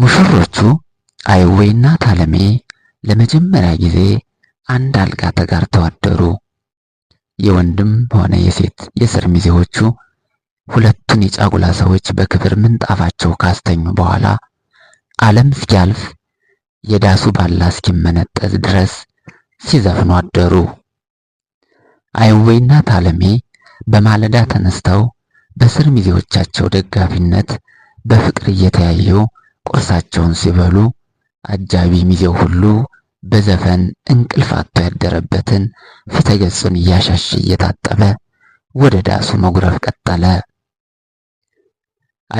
ሙሽሮቹ አይዌና ታለሜ ለመጀመሪያ ጊዜ አንድ አልጋ ተጋርተው አደሩ። የወንድም ሆነ የሴት የስር ሚዜዎቹ ሁለቱን የጫጉላ ሰዎች በክብር ምንጣፋቸው ካስተኙ በኋላ ዓለም እስኪያልፍ የዳሱ ባላ እስኪመነጠዝ ድረስ ሲዘፍኑ አደሩ። አይዌና ታለሜ በማለዳ ተነስተው በስር ሚዜዎቻቸው ደጋፊነት በፍቅር እየተያየው ቁርሳቸውን ሲበሉ አጃቢ ሚዜው ሁሉ በዘፈን እንቅልፍ አጥቶ ያደረበትን ገጹን እያሻሸ እየታጠበ ወደ ዳሱ መጉረፍ ቀጠለ።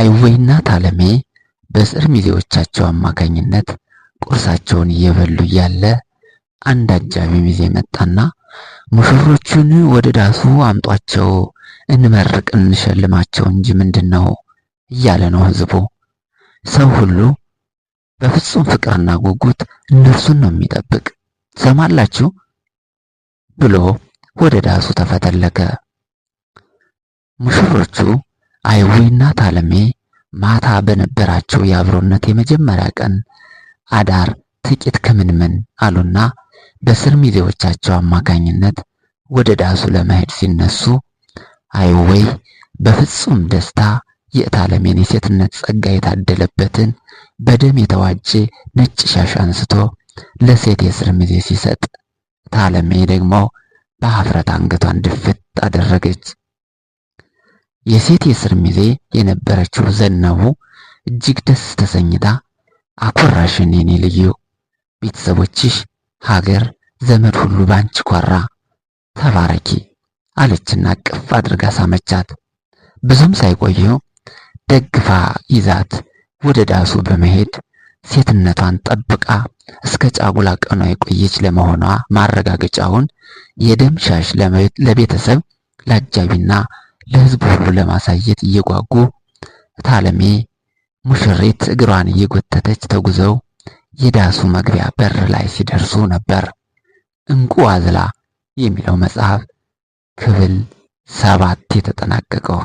አይወይና ታለሜ በስር ሚዜዎቻቸው አማካኝነት ቁርሳቸውን እየበሉ እያለ አንድ አጃቢ ሚዜ መጣና ሙሽሮቹን ወደ ዳሱ አምጧቸው፣ እንመርቅ እንሸልማቸው እንጂ ምንድን ነው እያለ ነው ህዝቡ። ሰው ሁሉ በፍጹም ፍቅርና ጉጉት እነርሱን ነው የሚጠብቅ። ሰማላችሁ ብሎ ወደ ዳሱ ተፈተለከ። ሙሽሮቹ አይዌና ታለሜ ማታ በነበራቸው የአብሮነት የመጀመሪያ ቀን አዳር ጥቂት ምን አሉና በስር ሚዜዎቻቸው አማካኝነት ወደ ዳሱ ለመሄድ ሲነሱ አይዌይ በፍጹም ደስታ የእታለሜን የሴትነት ጸጋ የታደለበትን በደም የተዋጀ ነጭ ሻሽ አንስቶ ለሴት የስር ሚዜ ሲሰጥ እታለሜ ደግሞ በሀፍረት አንገቷን ድፍት አደረገች። የሴት የስር ሚዜ የነበረችው ዘነቡ እጅግ ደስ ተሰኝታ አኮራሽን የኔ ልዩ፣ ቤተሰቦችሽ፣ ሀገር፣ ዘመድ ሁሉ ባንቺ ኮራ፣ ተባረኪ አለችና ቅፍ አድርጋ ሳመቻት። ብዙም ሳይቆዩ ደግፋ ይዛት ወደ ዳሱ በመሄድ ሴትነቷን ጠብቃ እስከ ጫጉላ ቀኗ የቆየች ለመሆኗ ማረጋገጫውን የደም ሻሽ ለቤተሰብ ለአጃቢና ለሕዝብ ሁሉ ለማሳየት እየጓጉ ታለሜ ሙሽሪት እግሯን እየጎተተች ተጉዘው የዳሱ መግቢያ በር ላይ ሲደርሱ ነበር። እንቁ አዝላ የሚለው መጽሐፍ ክፍል ሰባት የተጠናቀቀው።